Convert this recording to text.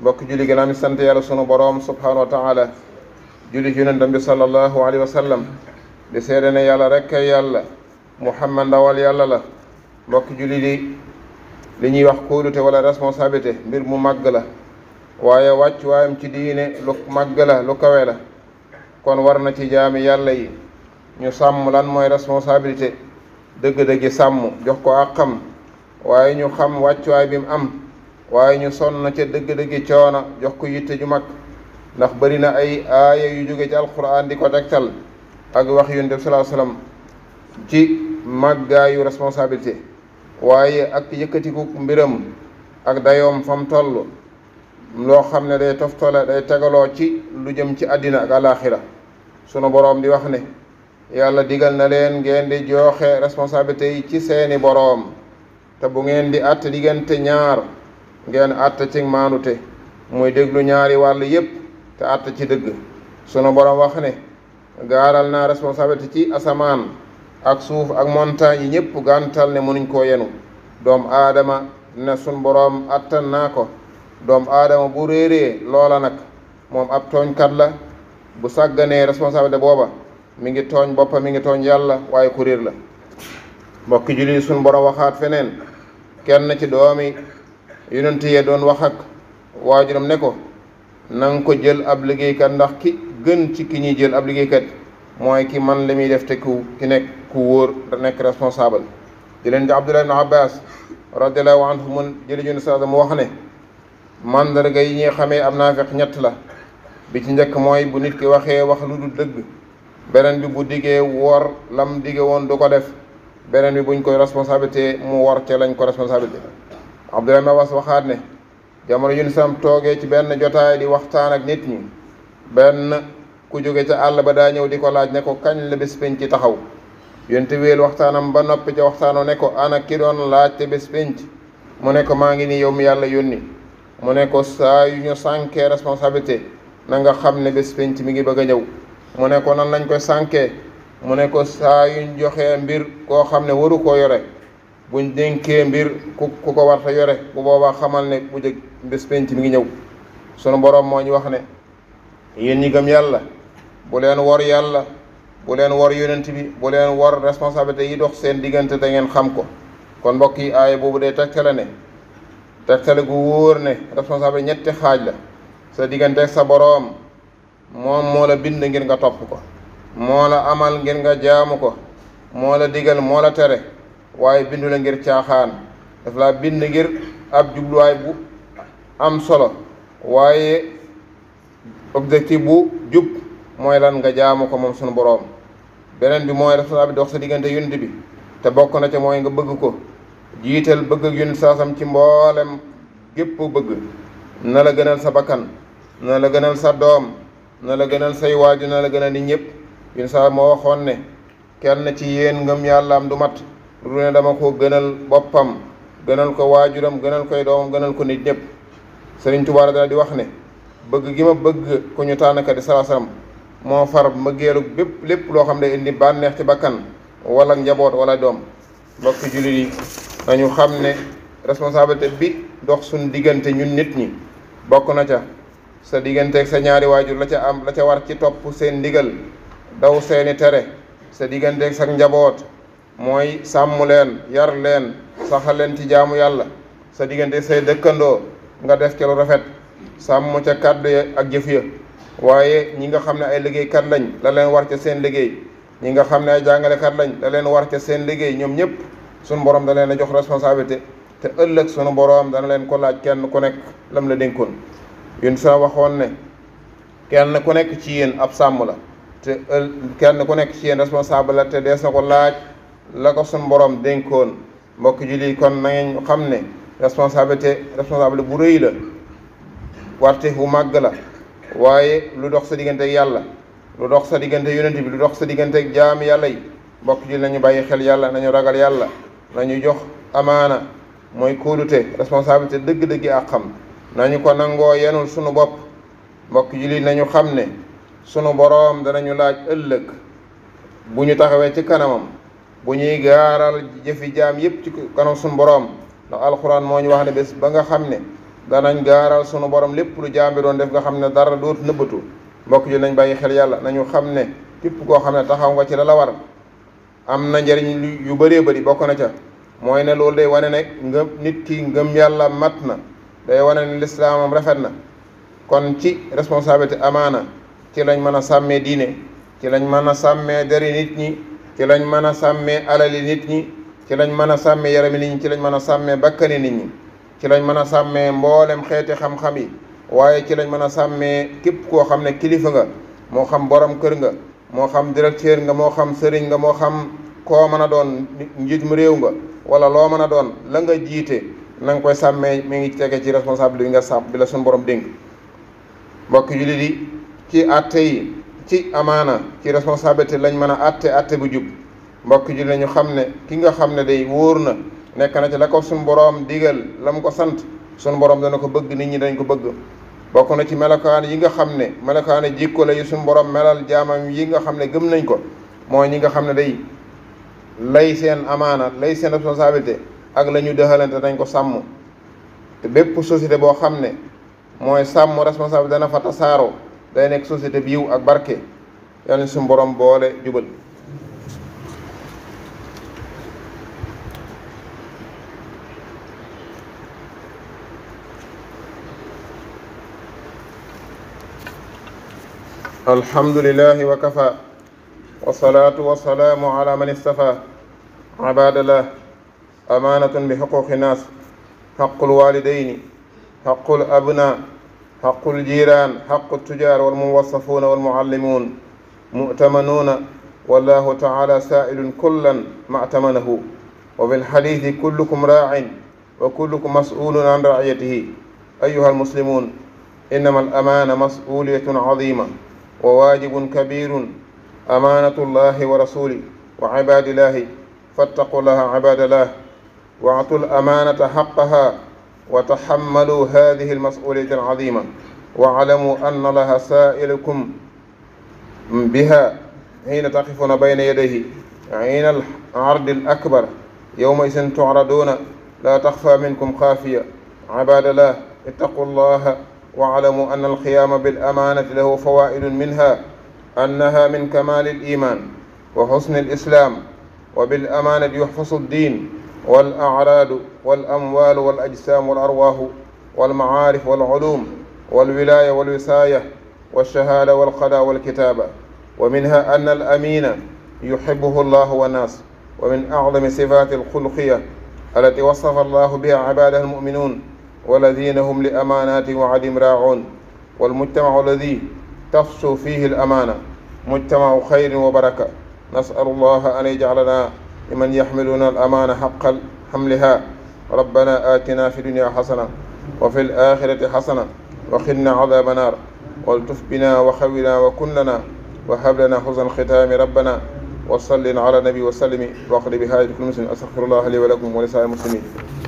mbokk julli gën a sante yàlla sunu borom subhanahu wa taala julli ci yonent sallallahu alayhi wa sallam di seede ne yàlla rekk yàlla muhammad dawal yàlla la mbokk julli li li ñi wax ko kóolute wala responsabilité mbir mu mag la waye waccu wayam ci diine lu mag la lu kawe la kon war na ci jaami yàlla yi ñu sam lan moy responsabilite deug deug sam jox ko akam waye ñu xam waccu way bi mu am waaye ñu sonn ca dëgg-dëgg coono jox ko yitte ju mag ndax bari na ay aaya yu jóge ci alquran di ko tegtal ak wax yu def salaa salaam ci màggaayu responsabilité waaye ak yëkkatiku mbiram ak dayom fam toll loo xam day toftale day tegaloo ci lu jëm ci àddina ak àlaaxira sunu boroom di wax ne yàlla digal na leen ngeen di joxe responsabilité yi ci seeni boroom te bu ngeen di ñaar ngeen àtt ci maanute muy déglu ñaari wàll yépp te àtt ci dëgg sunu borom wax ne gaaral naa responsabilité ci asamaan ak suuf ak montagne yi ñépp gàntal ne mënuñ ko yenu doom aadama ne sun borom attan naa ko doom aadama bu réeree loola nag moom ab tooñkat la bu sàgganee responsabilité booba mu ngi toñ boppam mi ngi tooñ yàlla waaye ku la mbokki julli sun borom waxaat feneen kenn ci doomi yonent yee doon wax ak waajuram ne ko na nga ko jël ab liggéeykat ndax ki gën ci ki ñuy jël ab liggéeykat mooy ki man la muy def te ku ki nekk ku wóor da nekk responsable di leen di Abdullah ibn Abbas radiallahu anhu mun jëli jun sada mu wax ne mandarga yi ñuy xamee am naa fex ñett la bi ci njëkk mooy bu nit ki waxee wax lu dul dëgg beneen bi bu diggee wor lam digge woon du ko def beneen bi buñ koy responsabilité mu wor te lañ ko responsabilité abdoulahi mabas waxaat ne jamono yun sam toogee ci benn jotaay di waxtaan ak nit ñi benn ku jóge ca àll ba daa ñëw di ko laaj ne ko kañ la bés ci taxaw yunte wéel waxtaanam ba noppi ca waxtaanoo ne ko ana ki doon laaj te bés mu ne ko maa ngi ni yow mu yàlla yónni mu ne ko saa yu ñu sànkee responsabilité na nga xam ne bés mi ngi bëgg a ñëw mu ne ko nan lañ koy sànkee mu ne ko saa yuñ joxee mbir koo xam ne waru koo yore buñ dénkee mbir ku ku ko war fa yore bu boobaa xamal ne bu jëg bés penc mi ngi ñëw sunu boroom moo ñu wax ne yéen ñi gëm yàlla bu leen wor yàlla bu leen wor yonent bi bu leen wor responsabilité yi dox seen diggante da ngeen xam ko kon mbokk yi aaya boobu day tegtale ne tegtale gu wóor ne responsabilité ñetti xaaj la sa diggante sa boroom moom moo la bind ngir nga topp ko moo la amal ngir nga jaamu ko moo la digal moo la tere waaye bindu la ngir caaxaan daf laa bind ngir ab jubluwaay bu am solo waaye objectif bu jub mooy lan nga jaamu ko moom sunu boroom beneen bi mooy rasulallah bi dox sa diggante yonent bi te bokk na ca mooy nga bëgg ko jiital bëgg ak yonent saasam ci mboolem gépp bëgg na la gënal sa bakkan na la gënal sa doom na la gënal say na la gënal ni ne kenn ci yéen ngëm am du mat lu ne dama ko gënal boppam gënal ko waajuram gënal koy doomam gënal ko nit ñëpp sëriñ Tuubaa daal di wax ne bëgg gi ma bëgg ku ñu tànnkat di salaasalaam moo far mbëggeelu bépp lépp loo xam ne indi bànneex ci bakkan wala njaboot wala doom mbokk jullit yi nañu xam ne responsabilité bi dox suñ diggante ñun nit ñi bokk na ca sa digganteeg sa ñaari waajur la ca am la ca war ci topp seen ndigal daw seeni tere sa digganteeg sa njaboot mooy sàmm leen yar leen saxal leen ti jaamu yàlla sa diggante say dëkkandoo nga def ci lu rafet sàmm ca kàddu ya ak jëf ya waaye ñi nga xam ne ay liggéeykat lañ la leen war ca seen liggéey ñi nga xam ne ay jàngalekat lañ la leen war ca seen liggéey ñoom ñëpp sunu borom da leen a jox responsabilité te ëllëg sunu borom dana leen ko laaj kenn ku nekk lam la dénkoon yun sa waxoon ne kenn ku nekk ci yéen ab sàmm la te ël kenn ku nekk ci yéen responsable la te dees na ko laaj la ko suñ borom dénkoon mbokk julli kon na xam ne responsabilité responsable bu rëy la warte bu màgg la waaye lu dox sa diggante ak yàlla lu dox sa diggante yonent bi lu dox sa diggante ak jaam yàlla yi mbokk ji nañu bàyyi xel yàlla nañu ragal yàlla nañu jox amaana mooy kóolute responsabilité dëgg-dëgg ak xam nañu ko nangoo yenul sunu bopp mbokk ji li nañu xam ne sunu boroom danañu laaj ëllëg bu ñu taxawee ci kanamam bu ñuy gaaral jëfi jaam yépp ci kanam suñu borom ndax alxuraan moo ñu wax ne bes ba nga xam danañ gaaral sunu borom lépp lu jaam bi doon def nga xam ne dara dootu nëbbatu mbokk ji nañ bàyyi xel nañu ne képp koo taxaw nga ci la war am na njariñ yu bëree bëri bokk na ca mooy ne loolu day wane ne ngëm nit ki ngëm yàlla mat na day wane ne lislaamam rafet na kon ci responsabilité amaana ci lañ mën a sàmmee ci lañ mën a nit ñi ci lañ mën a sàmmee alali nit ñi ci lañ mën a sàmmee yarami nit ñi ci lañ mën a sàmmee bakkani nit ñi ci lañ mën a sàmmee mboolem xeeti xam-xam yi waaye ci lañ mën a sàmmee képp koo xam ne kilifa nga moo xam borom kër nga moo xam directeur nga moo xam sëriñ nga moo xam koo mën a doon njiit mu réew nga wala loo mën a doon la nga jiite na nga koy sàmmee mi ngi tege ci responsabilité bi nga sàmm bi la suñu boroom dénk mbokk jullit yi ci àtte yi ci amaana ci responsabilité lañ mën a atte atte bu jub mbokk ji lañu xam ne ki nga xam ne day wóor na nekk na ci la ko suñ boroom digal la mu ko sant suñu boroom dana ko bëgg nit ñi dañ ko bëgg bokk na ci melokaan yi nga xam ne melokaan jikko la yu suñu boroom melal jaamam yi nga xam ne gëm nañ ko mooy ñi nga xam ne day lay seen amaana lay seen responsabilité ak la ñu dëxalante dañ ko sàmm te bépp société boo xam ne mooy sàmm responsabilité dana fa tasaaroo day nek societe bi ak barke yalla sun borom boole djubal الحمد لله وكفى والصلاة والسلام على من استفى عباد الله أمانة بحقوق الناس حق الوالدين حق الأبناء حق الجيران حق التجار والموصفون والمعلمون مؤتمنون والله تعالى سائل كلا ما اعتمنه وفي الحديث كلكم راع وكلكم مسؤول عن رعيته أيها المسلمون إنما الأمانة مسؤولية عظيمة وواجب كبير أمانة الله ورسوله وعباد الله فاتقوا الله عباد الله واعطوا الأمانة حقها وتحملوا هذه المسؤولية العظيمة واعلموا أن الله سائلكم بها حين تقفون بين يديه عين العرض الأكبر يومئذ تعرضون لا تخفى منكم خافية عباد الله اتقوا الله واعلموا أن القيام بالأمانة له فوائد منها أنها من كمال الإيمان وحسن الإسلام وبالأمانة يحفظ الدين والأعراض والأموال والأجسام والأرواح والمعارف والعلوم والولاية والوصاية والشهادة والقضاء والكتابة ومنها أن الأمين يحبه الله والناس ومن أعظم صفات الخلقية التي وصف الله بها عباده المؤمنون والذين هم لأمانات وعدم راعون والمجتمع الذي تفسو فيه الأمانة مجتمع خير وبركة نسأل الله أن يجعلنا لمن يحملون الأمانة حق حملها ربنا آتنا في الدنيا حسنة وفي الآخرة حسنة وخلنا عذاب نار والتف بنا وخونا وكلنا وهب لنا حسن الختام ربنا وصل على النبي وسلم واقضي بهذه كل مسلم استغفر الله لي ولكم ولسائر المسلمين